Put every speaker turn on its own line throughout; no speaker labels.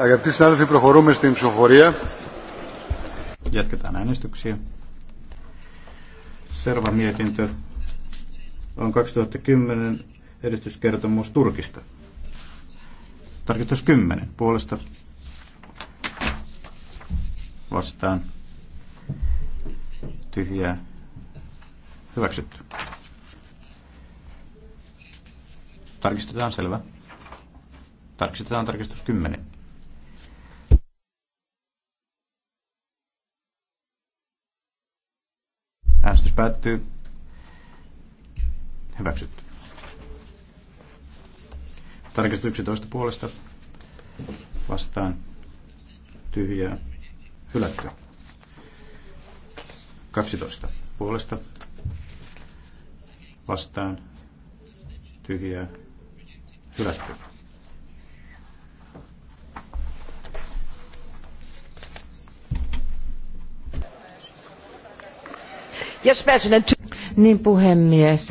Αγαπητοί συνάδελφοι, προχωρούμε στην ψηφοφορία. Jatketaan äänestyksiä. Seuraava mietintö
on 2010 edistyskertomus Turkista. Tarkistus 10 puolesta vastaan tyhjää hyväksytty. Tarkistetaan selvä. Tarkistetaan tarkistus 10. Äänestys päättyy. Hyväksytty. Tarkistus 11 puolesta. Vastaan. Tyhjää. Hylätty. 12 puolesta. Vastaan. Tyhjää. Hylätty.
Yes, president. Niin puhemies.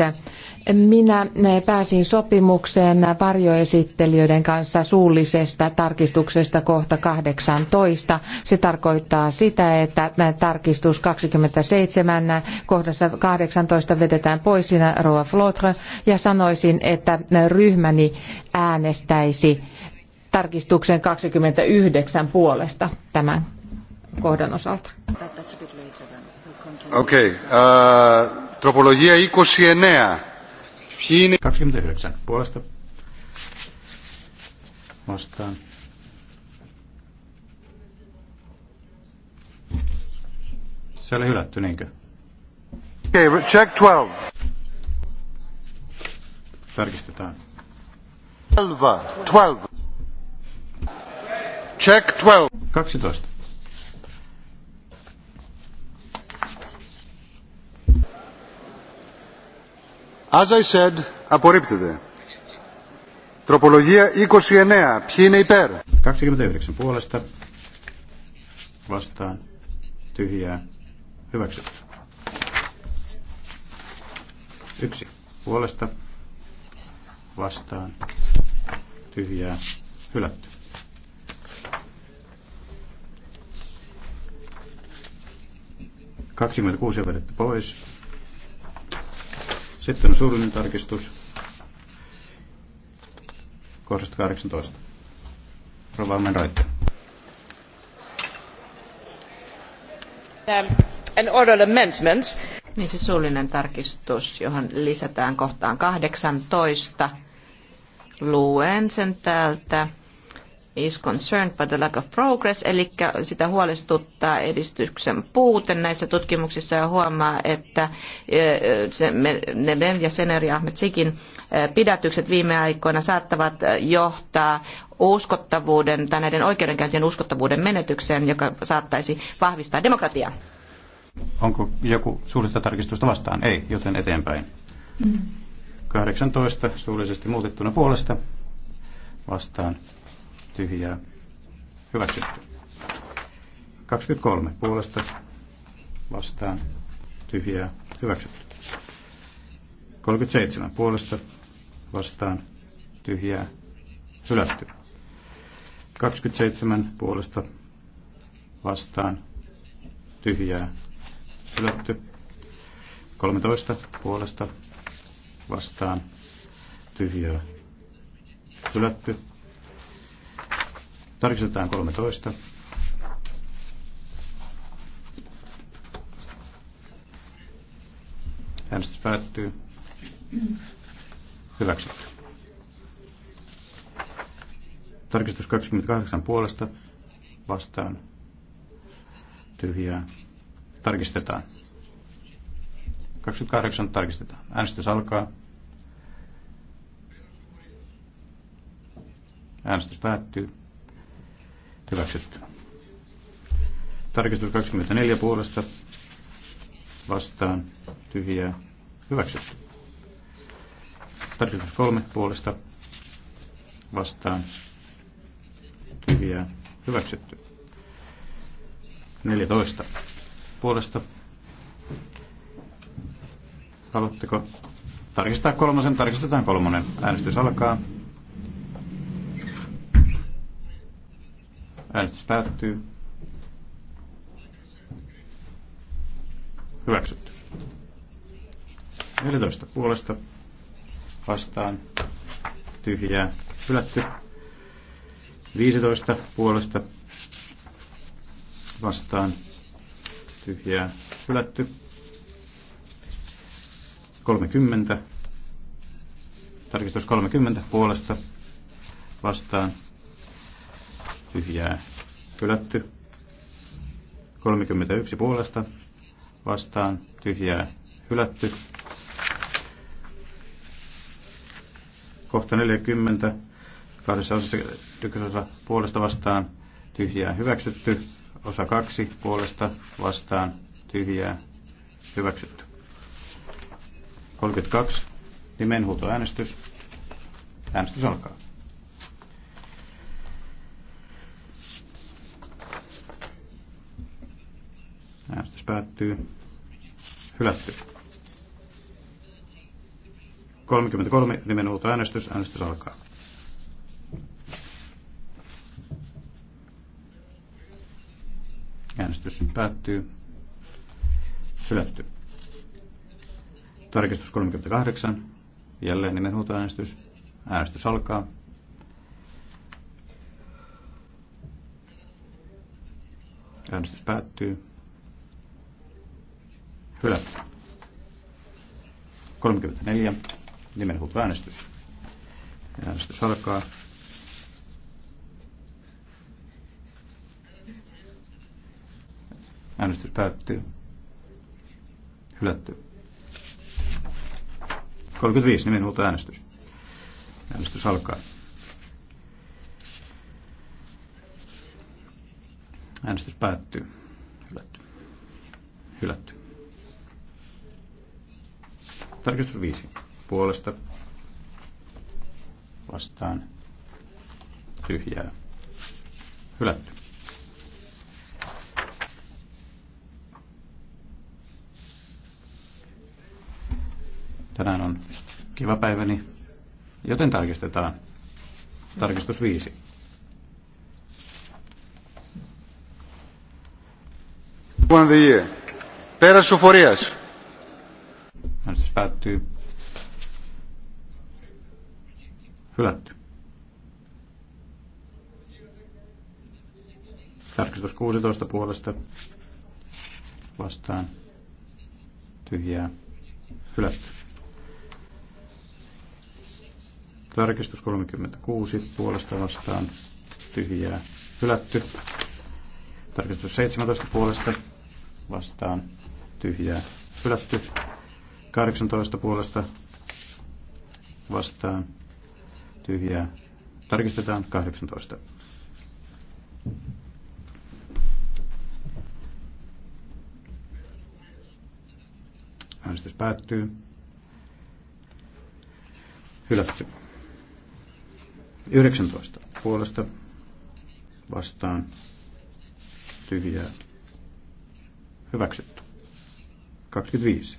Minä eh, pääsin sopimukseen varjoesittelijöiden kanssa suullisesta tarkistuksesta kohta 18. Se tarkoittaa sitä, että eh, tarkistus 27 eh, kohdassa 18 vedetään pois sinä Roa Flotre ja sanoisin, että ryhmäni äänestäisi tarkistuksen 29 puolesta tämän kohdan osalta.
Okei. Okay. Uh, τροπολογία 29. Ποιοι είναι... 29. Puolesta. Vastaan. Se oli hylätty, niinkö? Okay, check 12. Tarkistetaan. 12. 12. Check 12. 12. As I said, απορρίπτεται. Τροπολογία 29. Ποιοι είναι υπέρ. 29 puolesta. Vastaan.
Tyhjää. Hyväksytty. Yksi puolesta. Vastaan. Tyhjää. Hylätty. Kaksikymmentäkuusi on vedetty pois. Sitten surullinen tarkistus kohdasta 18. Rovaamme raitte. An oral amendment. Niin se suullinen tarkistus, johon lisätään kohtaan 18. Luen sen täältä is concerned by the lack of progress, eli sitä huolestuttaa edistyksen puute näissä tutkimuksissa ja huomaa, että Neven ja Sener ja pidätykset viime aikoina saattavat johtaa uskottavuuden tai näiden oikeudenkäyntien uskottavuuden menetykseen, joka saattaisi vahvistaa demokratiaa. Onko joku suullista tarkistusta vastaan? Ei, joten eteenpäin. 18 mm. suullisesti muutettuna puolesta vastaan tyhjää hyväksytty. 23 puolesta vastaan tyhjää hyväksytty. 37 puolesta vastaan tyhjää hylätty. 27 puolesta vastaan tyhjää hylätty. 13 puolesta vastaan tyhjää hylätty. Tarkistetaan 13. Äänestys päättyy. Hyväksytty. Tarkistus 28 puolesta vastaan. Tyhjää. Tarkistetaan. 28 tarkistetaan. Äänestys alkaa. Äänestys päättyy. Hyväksytty. Tarkistus 24 puolesta vastaan tyhjää. Hyväksytty. Tarkistus 3 puolesta vastaan tyhjää. Hyväksytty. 14 puolesta. Haluatteko tarkistaa kolmosen? Tarkistetaan kolmonen. Äänestys alkaa. Äänestys päättyy. Hyväksytty. 14 puolesta vastaan tyhjää hylätty. 15 puolesta vastaan tyhjää hylätty. 30. Tarkistus 30 puolesta vastaan tyhjää hylätty. 31 puolesta vastaan tyhjää hylätty. Kohta 40 kahdessa osassa ykkösosa puolesta vastaan tyhjää hyväksytty. Osa kaksi puolesta vastaan tyhjää hyväksytty. 32 nimenhuutoäänestys. Äänestys alkaa. päättyy. Hylätty. 33 nimenhuolto äänestys. Äänestys alkaa. Äänestys päättyy. Hylätty. Tarkistus 38. Jälleen äänestys. Äänestys alkaa. Äänestys päättyy. Hylätty. 34. Nimenhuut äänestys. Äänestys alkaa. Äänestys päättyy. Hylätty. 35 Nimenhuut äänestys. Äänestys alkaa. Äänestys päättyy. Hylätty. Hylätty. Tarkistus 5. Puolesta vastaan tyhjää. Hylätty. Tänään on kiva päiväni, joten tarkistetaan. Tarkistus 5.
Πέρασε ο φορέας päättyy. Hylätty.
Tarkistus 16 puolesta vastaan tyhjää hylätty. Tarkistus 36 puolesta vastaan tyhjää hylätty. Tarkistus 17 puolesta vastaan tyhjää hylätty. 18 puolesta vastaan tyhjää. Tarkistetaan 18. Äänestys päättyy. Hylätty. 19 puolesta vastaan tyhjää. Hyväksytty. 25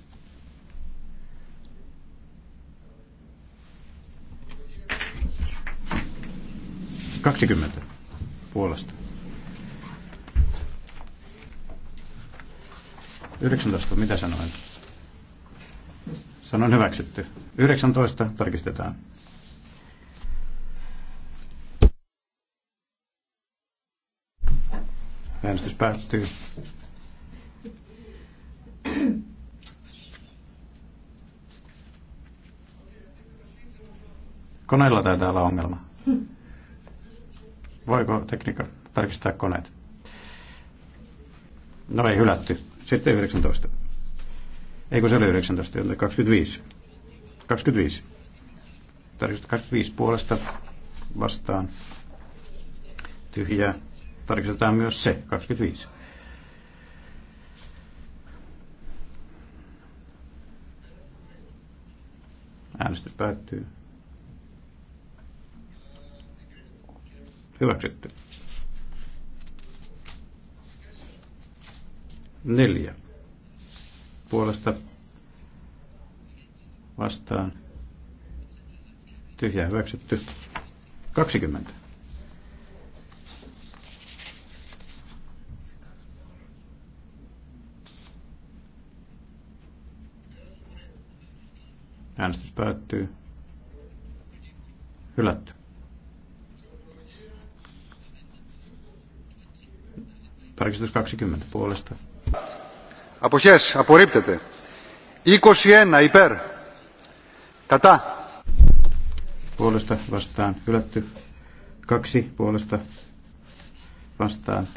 20 puolesta. 19, mitä sanoin? Sanoin hyväksytty. 19, tarkistetaan. Äänestys päättyy. Koneella taitaa olla ongelma. Voiko tekniikka tarkistaa koneet? No ei hylätty. Sitten 19. Ei kun se oli 19, 25. 25. Tarkistus 25 puolesta vastaan. Tyhjä. Tarkistetaan myös se, 25. Äänestys päättyy. Hyväksytty. Neljä. Puolesta vastaan. Tyhjä hyväksytty. 20. Äänestys päättyy. Hylätty.
Tarkistus 20 puolesta. Αποχές. Απορρίπτεται. 21 υπέρ. Κατά. Puolesta vastaan. Hylätty. Kaksi
puolesta vastaan.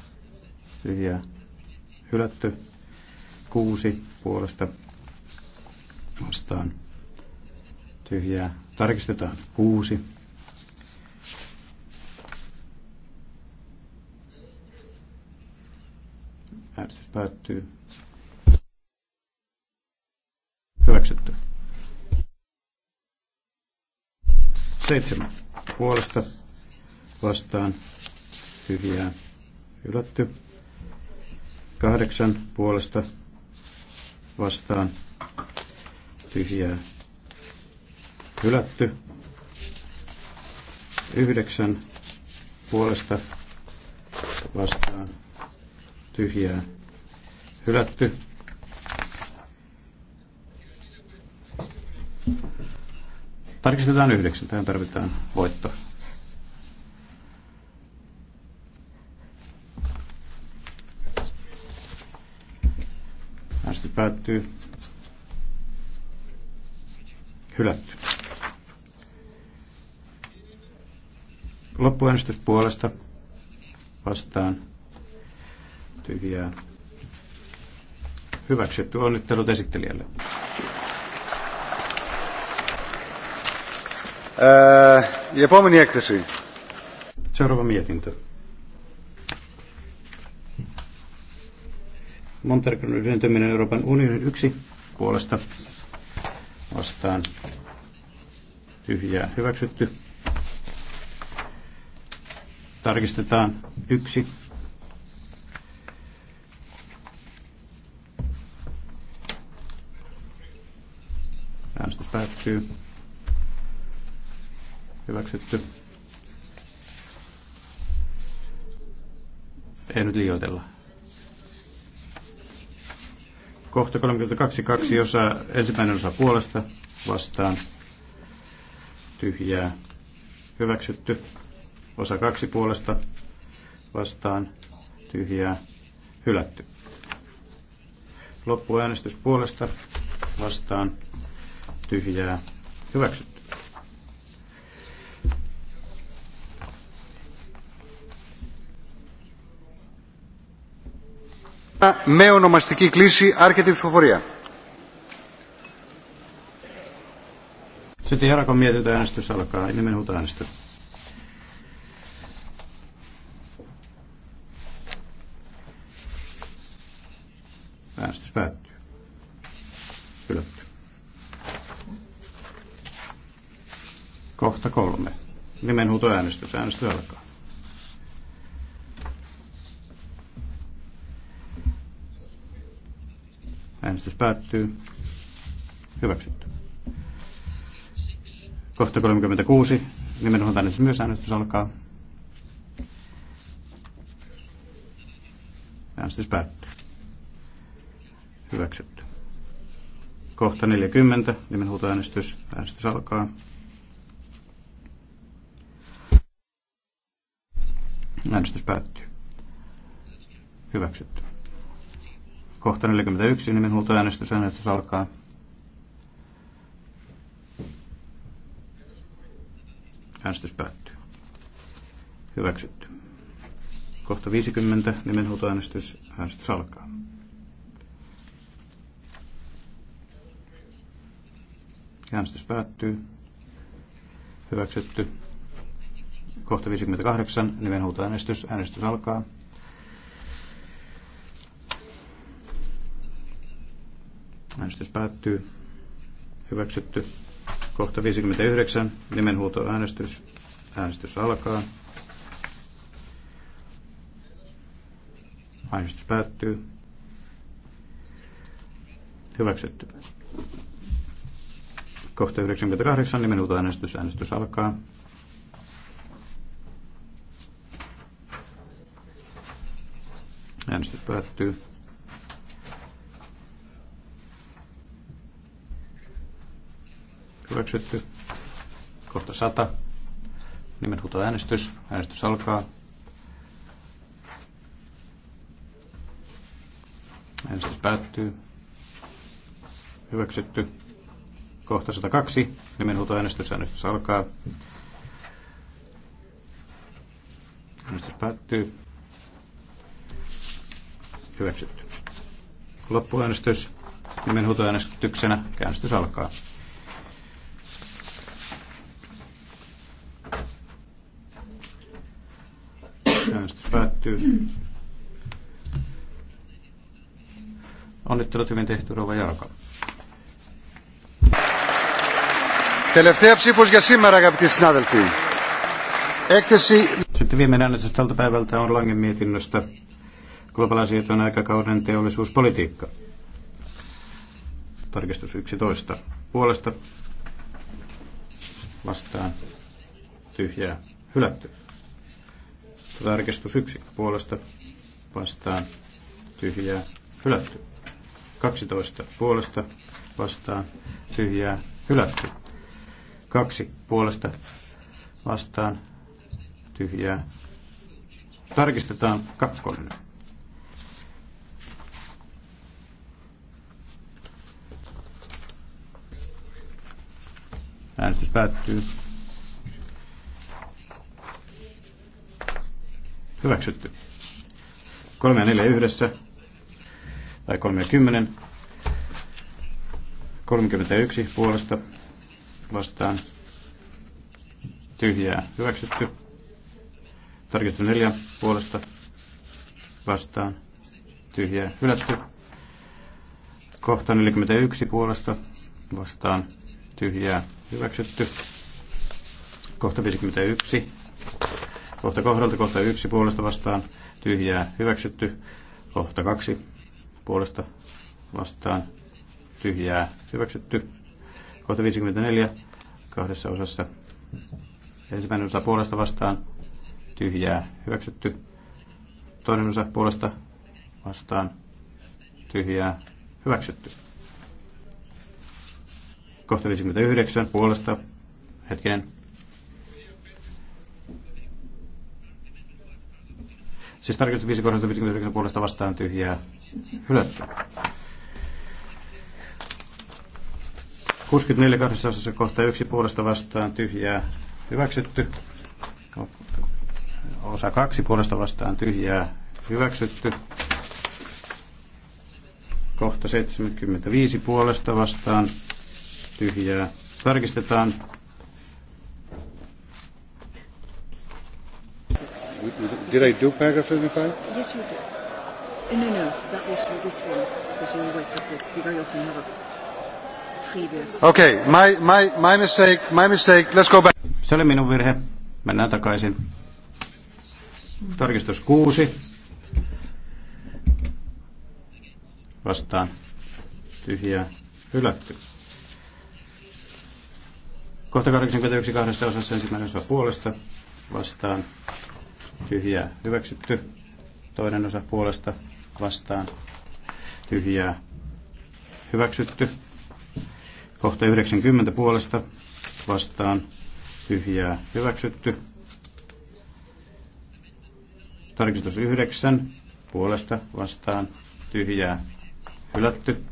Tyhjää. Hylätty. Kuusi puolesta vastaan. Tyhjää. Tarkistetaan. Kuusi. Äänestys päättyy. Hyväksytty. Seitsemän puolesta vastaan tyhjää hylätty. Kahdeksan puolesta vastaan tyhjää hylätty. Yhdeksän puolesta vastaan tyhjää hylätty. Tarkistetaan yhdeksän. Tähän tarvitaan voitto. Äänestys päättyy. Hylätty. Loppuäänestys puolesta vastaan tyhjää
hyväksytty. Onnittelut esittelijälle. Äh, ja pomeni έκθεση. Seuraava mietintö.
Montenegron yhdentyminen Euroopan unionin yksi puolesta vastaan tyhjää hyväksytty. Tarkistetaan yksi hyväksyy. Hyväksytty. Ei nyt liioitella. Kohta 32, kaksi osa ensimmäinen osa puolesta vastaan. Tyhjää. Hyväksytty. Osa kaksi puolesta vastaan. Tyhjää. Hylätty. Loppuäänestys puolesta vastaan tyhjää
hyväksytty. Με ονομαστική κλίση άρχεται η ψηφοφορία. Sitten Jarakon äänestys alkaa, nimenhuutoäänestys.
Äänestys päättyy. Kyllä. kolme Nimenhuutoäänestys. Äänestys alkaa. Äänestys päättyy. Hyväksytty. Kohta 36. Nimenhuutoäänestys myös. Äänestys alkaa. Äänestys päättyy. Hyväksytty. Kohta 40. Nimenhuutoäänestys. Äänestys alkaa. Äänestys päättyy. Hyväksytty. Kohta 41 nimenhuoltoäänestys. Äänestys alkaa. Äänestys päättyy. Hyväksytty. Kohta 50 nimenhuoltoäänestys. Äänestys alkaa. Äänestys päättyy. Hyväksytty. Kohta 58, nimenhuutoäänestys. Äänestys alkaa. Äänestys päättyy. Hyväksytty. Kohta 59, nimenhuutoäänestys. Äänestys alkaa. Äänestys päättyy. Hyväksytty. Kohta 98, nimenhuutoäänestys. Äänestys alkaa. Hyväksytty. Hyväksytty. Kohta 100. huuto äänestys. Äänestys alkaa. Äänestys päättyy. Hyväksytty. Kohta 102. Nimen huuto äänestys. Äänestys alkaa. Äänestys päättyy. Hyväksytty. Loppuäänestys nimenhuutoäänestyksenä. Äänestys alkaa. Äänestys päättyy.
Onnittelut hyvin tehty, Rova Jalka. Τελευταία ψήφος για σήμερα, αγαπητοί συνάδελφοι. Έκθεση... Sitten viimeinen
äänestys tältä päivältä on Langen mietinnöstä globalisaation aikakauden teollisuuspolitiikka. Tarkistus 11. Puolesta vastaan tyhjää hylätty. Tarkistus 1. Puolesta vastaan tyhjää hylätty. 12. Puolesta vastaan tyhjää hylätty. 2. Puolesta vastaan tyhjää. Tarkistetaan kakkonen. Äänestys päättyy. Hyväksytty. 3 ja 4 yhdessä. Tai 3 ja 10. 31 puolesta vastaan. Tyhjää. Hyväksytty. Tarkistu 4 puolesta vastaan. Tyhjää. Hylätty. Kohta 41 puolesta vastaan tyhjää hyväksytty. Kohta 51. Kohta kohdalta kohta 1 puolesta vastaan tyhjää hyväksytty. Kohta 2 puolesta vastaan tyhjää hyväksytty. Kohta 54 kahdessa osassa. Ensimmäinen osa puolesta vastaan tyhjää hyväksytty. Toinen osa puolesta vastaan tyhjää hyväksytty. Kohta 59 puolesta. Hetkinen. Siis tarkistus 5 kohdasta 59 puolesta vastaan tyhjää hylätty. 64 kahdessa osassa kohta 1 puolesta vastaan tyhjää hyväksytty. Osa 2 puolesta vastaan tyhjää hyväksytty. Kohta 75 puolesta vastaan tyhjää. Tarkistetaan.
Did I do paragraph 75? Yes, you did. Eh, no, no, that was withdrawn because you always have the you very often have a previous... Okay, my, my, my mistake, my mistake, let's go back. Se oli minun virhe. Mennään
takaisin. Tarkistus 6. Vastaan. Tyhjää. Hylätty. Kohta 81 kahdessa osassa ensimmäinen osa puolesta vastaan tyhjää hyväksytty. Toinen osa puolesta vastaan tyhjää hyväksytty. Kohta 90 puolesta vastaan tyhjää hyväksytty. Tarkistus 9 puolesta vastaan tyhjää hylätty.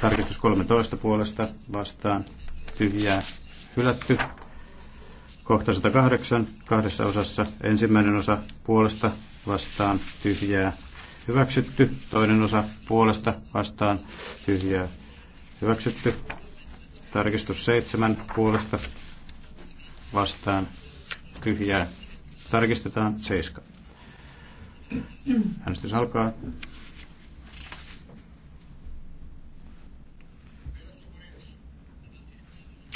Tarkistus 13 puolesta vastaan tyhjää hylätty. Kohta 108 kahdessa osassa. Ensimmäinen osa puolesta vastaan tyhjää hyväksytty. Toinen osa puolesta vastaan tyhjää hyväksytty. Tarkistus 7 puolesta vastaan tyhjää. Tarkistetaan 7. Äänestys alkaa.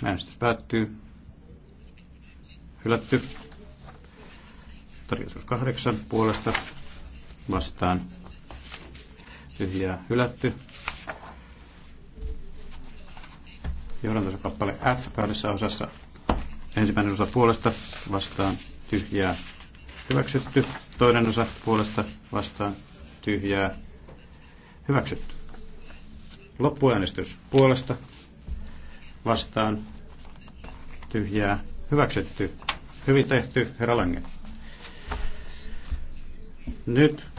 Äänestys päättyy. Hylätty. Tarjotus kahdeksan puolesta vastaan. Tyhjää hylätty. Johdantosakappale F kahdessa osassa. Ensimmäinen osa puolesta vastaan tyhjää hyväksytty. Toinen osa puolesta vastaan tyhjää hyväksytty. Loppuäänestys puolesta vastaan tyhjää hyväksytty. Hyvin tehty, herra Lange. Nyt